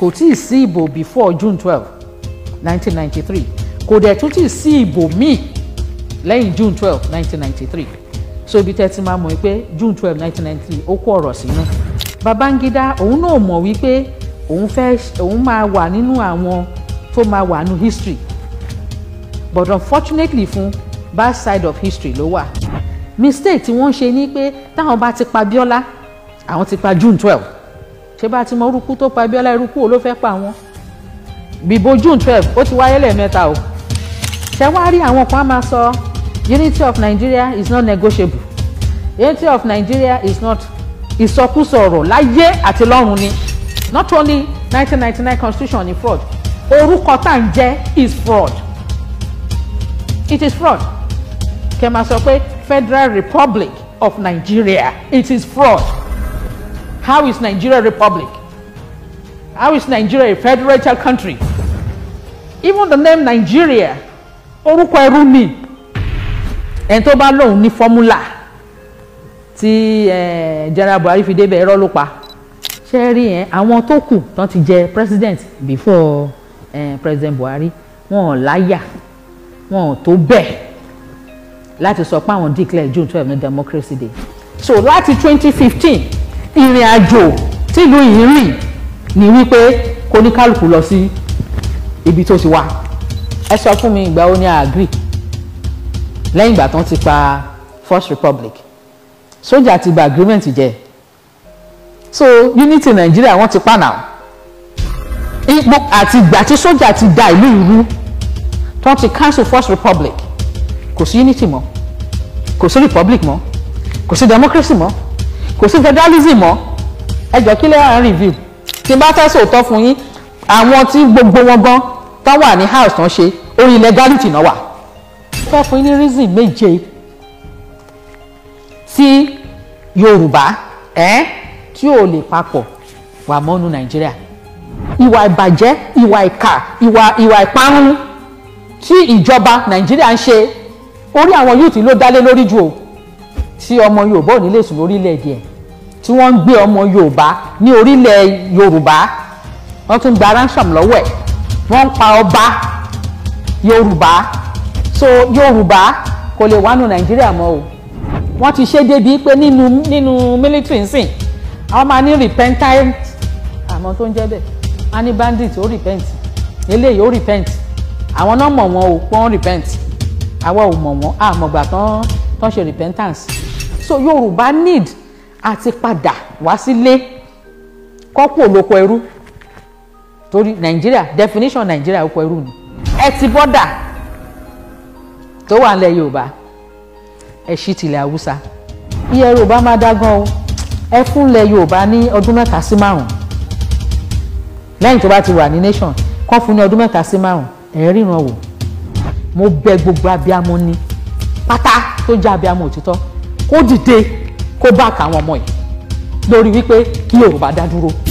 kò tí ì sí ìbò before June twelve nineteen ninety three kò dẹ̀ tún tí ì sí ìbò míì lẹ́yìn June twelve nineteen ninety three so ibi tẹ́ ti máa mọ̀ pé June twelve nineteen ninety three ó kó ọ̀rọ̀ sínú Babangida òun náà mọ̀ wípé òun fẹ́ òun máa wà nínú àwọn tó máa wà nínú history but unfortunately fún bad side of history ló wà mistake tí wọ́n ṣe ni pé táwọn bá ti pa Bíọ́lá àwọn ti pa June twelve ṣé bá ti mọ orúkú tó pa Abíọ́lá irúkú wo ló fẹ́ pa wọn bìbò June twelve ó ti wáyé lẹ́ẹ̀mẹ́ta o ṣé wàá rí àwọn kan á máa sọ unity of Nigeria is not negotiable unity of Nigeria is not ìsọkúsọ ọ̀rọ̀ láyé àti lọ́run ni not only nineteen ninety nine constitution ni fraud orúkọ tá à ń is fraud it is fraud kẹ́ máa sọ pé Federal Republic of Nigeria it is fraud. How is Nigeria republic? How is Nigeria a federal country? Even the name Nigeria, orúkọ ẹrú ni ẹni tó bá lóun ní fọ́múlà tí General Buhari fi débẹ̀ ẹ̀rọ ló pa ṣe rí yẹn àwọn tó kù tán ti jẹ president before eh, President Buhari wọn ò láyà wọn ò tó bẹ́ẹ̀ láti sọ pé àwọn declare June twelve ní democracy day so láti twenty fifteen ìrìn àjò tìlú yìí rìn ní wípé kò ní kálukú lọ sí ibi tó ti wá ẹ sọ fún mi ìgbà wo ni a agree lẹ́yìn ìgbà tán ti pa First Republic sójà ti gba agreement jẹ so unity Nigeria wọ́n ti pa now àti ìgbà tí sójà ti da ìlú ìrú tán ti cancel First Republic kò sí unity mọ́ kò sí republic mọ́ kò sí democracy mọ́ kò sí federalism mọ́ ẹ jọ kí lẹ́yìn review tí n bá fẹ́ sòótọ́ fún yín àwọn tí gbogbo wọn gan tán wà ní house tán ṣe orí legality náà wà. fẹ́ fún yín ní reason méje tí Yorùbá ẹ̀ tí ò lè papọ̀ wà mọ́nu Nàìjíríà ìwà ìbàjẹ́ ìwà ìkà ìwà ìwà ìparun tí ìjọba Nàìjíríà ń ṣe orí àwọn yúùtì ló dálé lórí jù o tí ọmọ Yorùbá ò ní lè sùn lórílẹ̀-èdè ẹ̀ tí wọ́n ń gbé ọmọ Yorùbá ní orílẹ̀ Yorùbá wọ́n tún gba ransom lọ́wọ́ ẹ̀ wọ́n ń pa ọba Yorùbá so Yorùbá kò lè wánu Nàìjíríà mọ́ o wọ́n ti ṣe débi pé nínú nínú military nsìn àwọn máa ní repentant àmọ́ tó ń jẹ́ bẹ́ẹ̀ a ní bandit ó repent eléyìí ó repent àwọn náà mọ̀ wọ́n o wọ́n repent àwa ò mọ̀ wọ́n àmọ̀gbà tán tán ṣe repentance so Yorùbá need àti padà wá sílé kọ́pù olóko ẹrú torí nàìjíríà definition nàìjíríà oko ẹrú ni ẹ ti bọ́dà tó wà nílẹ̀ yorùbá ẹ ṣí tilẹ̀ haúsá iye yorùbá máa dá gan o ẹ fún ilẹ̀ yorùbá ní ọdún mẹ́ta sí márùn lẹ́yìn tó bá ti wà ní nation kọ́ fún ní ọdún mẹ́ta sí márùn ẹ̀ ríran wò mo bẹ̀ gbogbo abiyamọ ni pátá tó jẹ́ abiyamọ òtítọ́ kó dìde kó bá àkàwọn ọmọ ẹ̀ lórí wípé kí Yorùbá dá dúró.